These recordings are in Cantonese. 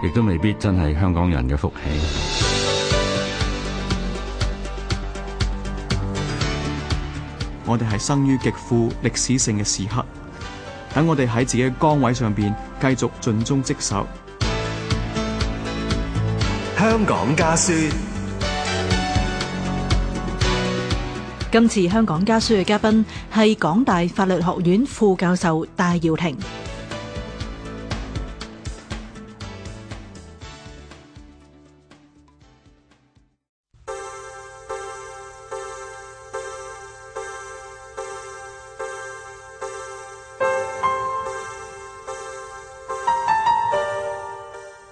亦都未必真係香港人嘅福氣。我哋係生於極富歷史性嘅時刻，等我哋喺自己嘅崗位上邊繼續盡忠職守。香港家書。今次香港家書嘅嘉賓係港大法律學院副教授戴耀廷。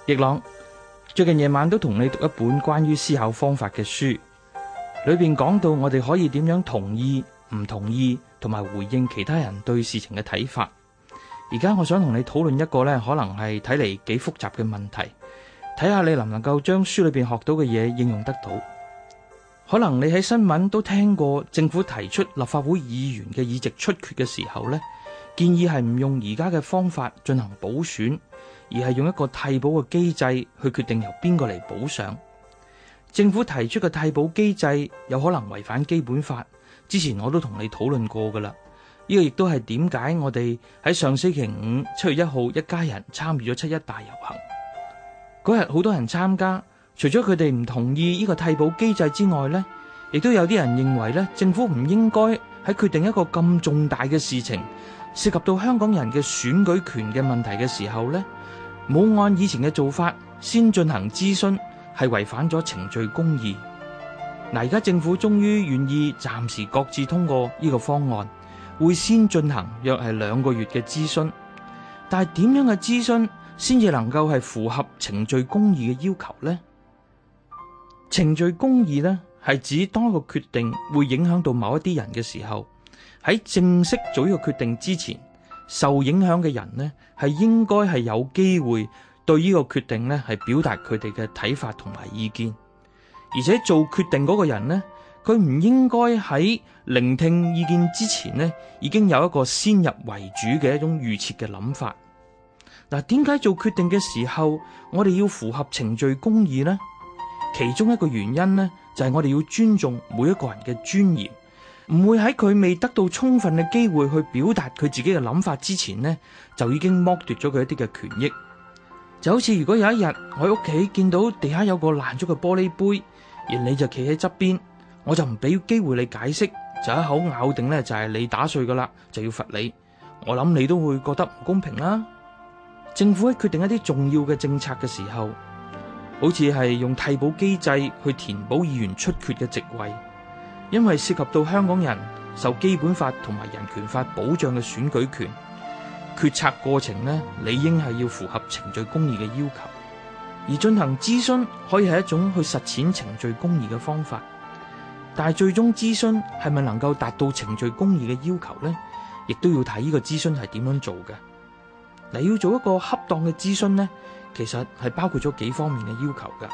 易朗，最近夜晚都同你讀一本關於思考方法嘅書，裏邊講到我哋可以點樣同意、唔同意同埋回應其他人對事情嘅睇法。而家我想同你討論一個呢，可能係睇嚟幾複雜嘅問題，睇下你能唔能夠將書裏邊學到嘅嘢應用得到。可能你喺新聞都聽過政府提出立法會議員嘅議席出缺嘅時候呢。建議係唔用而家嘅方法進行補選，而係用一個替補嘅機制去決定由邊個嚟補上。政府提出嘅替補機制有可能違反基本法。之前我都同你討論過噶啦，呢個亦都係點解我哋喺上星期五七月一號一家人參與咗七一大遊行嗰日，好多人參加。除咗佢哋唔同意呢個替補機制之外，呢亦都有啲人認為政府唔應該喺決定一個咁重大嘅事情。涉及到香港人嘅選舉權嘅問題嘅時候咧，冇按以前嘅做法先進行諮詢，係違反咗程序公義。嗱，而家政府終於願意暫時各自通過呢個方案，會先進行約係兩個月嘅諮詢，但係點樣嘅諮詢先至能夠係符合程序公義嘅要求咧？程序公義咧，係指當一個決定會影響到某一啲人嘅時候。喺正式做呢個決定之前，受影響嘅人呢係應該係有機會對呢個決定呢係表達佢哋嘅睇法同埋意見，而且做決定嗰個人呢，佢唔應該喺聆聽意見之前呢已經有一個先入為主嘅一種預設嘅諗法。嗱，點解做決定嘅時候我哋要符合程序公義呢？其中一個原因呢，就係我哋要尊重每一個人嘅尊嚴。唔會喺佢未得到充分嘅機會去表達佢自己嘅諗法之前呢，就已經剝奪咗佢一啲嘅權益。就好似如果有一日我喺屋企見到地下有個爛咗嘅玻璃杯，而你就企喺側邊，我就唔俾機會你解釋，就一口咬定呢就係你打碎噶啦，就要罰你。我諗你都會覺得唔公平啦。政府喺決定一啲重要嘅政策嘅時候，好似係用替補機制去填補議員出缺嘅席位，因為涉及到香港人受基本法同埋人權法保障嘅選舉權，決策過程呢，理應係要符合程序公義嘅要求，而進行諮詢可以係一種去實踐程序公義嘅方法。但係最終諮詢係咪能夠達到程序公義嘅要求呢？亦都要睇呢個諮詢係點樣做嘅。你要做一個恰當嘅諮詢呢，其實係包括咗幾方面嘅要求噶。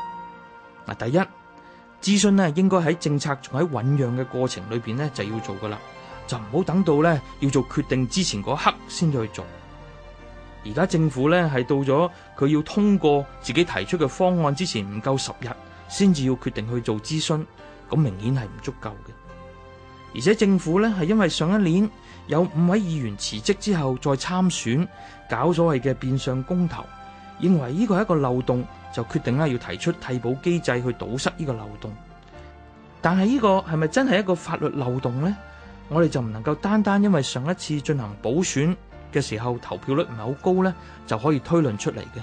嗱，第一。諮詢咧，應該喺政策仲喺醞釀嘅過程裏邊咧，就要做噶啦，就唔好等到咧要做決定之前嗰刻先至去做。而家政府咧係到咗佢要通過自己提出嘅方案之前唔夠十日，先至要決定去做諮詢，咁明顯係唔足夠嘅。而且政府咧係因為上一年有五位議員辭職之後再參選，搞所謂嘅變相公投。認為呢個係一個漏洞，就決定啦，要提出替補機制去堵塞呢個漏洞。但係呢個係咪真係一個法律漏洞呢？我哋就唔能夠單單因為上一次進行補選嘅時候投票率唔係好高呢，就可以推論出嚟嘅。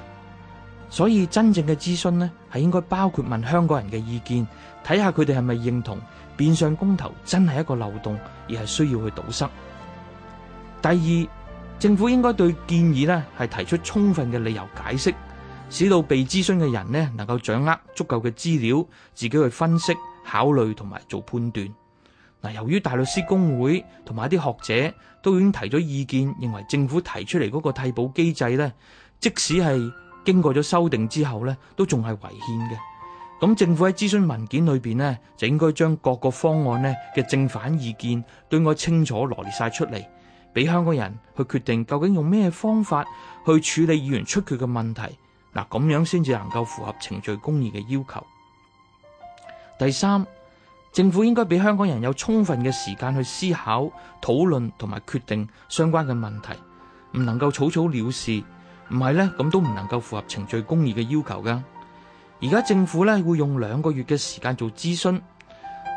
所以真正嘅諮詢呢，係應該包括問香港人嘅意見，睇下，佢哋係咪認同變相公投真係一個漏洞，而係需要去堵塞。第二，政府應該對建議咧係提出充分嘅理由解釋，使到被諮詢嘅人咧能夠掌握足夠嘅資料，自己去分析、考慮同埋做判斷。嗱，由於大律師公會同埋一啲學者都已經提咗意見，認為政府提出嚟嗰個替補機制咧，即使係經過咗修訂之後咧，都仲係違憲嘅。咁政府喺諮詢文件裏邊，就應該將各個方案咧嘅正反意見對我清楚羅列晒出嚟。俾香港人去決定究竟用咩方法去處理議員出缺嘅問題，嗱，咁樣先至能夠符合程序公義嘅要求。第三，政府應該俾香港人有充分嘅時間去思考、討論同埋決定相關嘅問題，唔能夠草草了事，唔係呢，咁都唔能夠符合程序公義嘅要求噶。而家政府呢會用兩個月嘅時間做諮詢，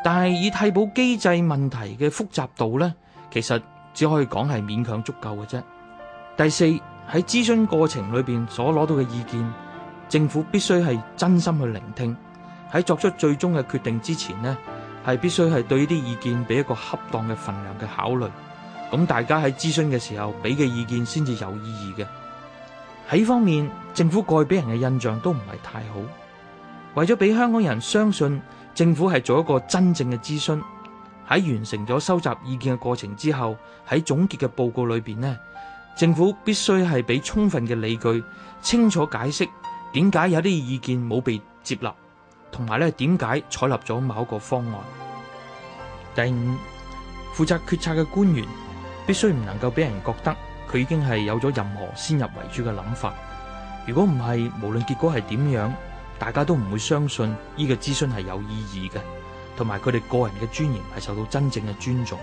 但係以替補機制問題嘅複雜度呢，其實。只可以講係勉強足夠嘅啫。第四，喺諮詢過程裏面所攞到嘅意見，政府必須係真心去聆聽。喺作出最終嘅決定之前呢，係必須係對呢啲意見俾一個恰當嘅份量嘅考慮。咁大家喺諮詢嘅時候俾嘅意見先至有意義嘅。喺呢方面，政府過去俾人嘅印象都唔係太好。為咗俾香港人相信政府係做一個真正嘅諮詢。喺完成咗收集意見嘅過程之後，喺總結嘅報告裏邊呢，政府必須係俾充分嘅理據，清楚解釋點解有啲意見冇被接納，同埋咧點解採納咗某一個方案。第五，負責決策嘅官員必須唔能夠俾人覺得佢已經係有咗任何先入為主嘅諗法。如果唔係，無論結果係點樣，大家都唔會相信呢個諮詢係有意義嘅。同埋佢哋個人嘅尊嚴係受到真正嘅尊重，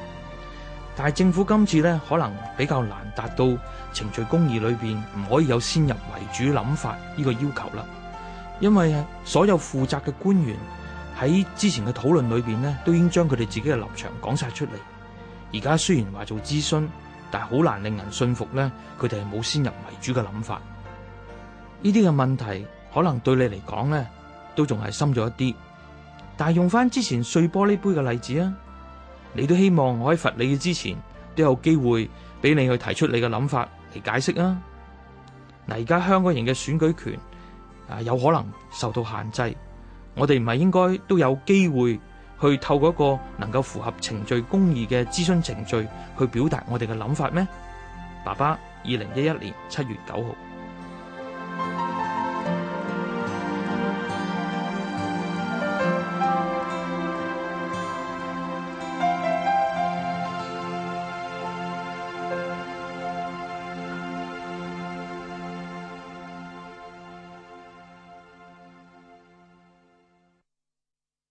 但係政府今次呢，可能比較難達到程序公義裏邊唔可以有先入為主諗法呢個要求啦，因為所有負責嘅官員喺之前嘅討論裏邊呢，都已經將佢哋自己嘅立場講晒出嚟，而家雖然話做諮詢，但係好難令人信服呢，佢哋係冇先入為主嘅諗法，呢啲嘅問題可能對你嚟講呢，都仲係深咗一啲。但係用翻，之前碎玻璃杯嘅例子啊，你都希望我喺罰你之前都有機會俾你去提出你嘅諗法嚟，解釋啊。嗱，而家香港人嘅選舉權啊，有可能受到限制，我哋唔係應該都有機會去透過一個能夠符合程序公義嘅諮詢程序去表達我哋嘅諗法咩？爸爸，二零一一年七月九號。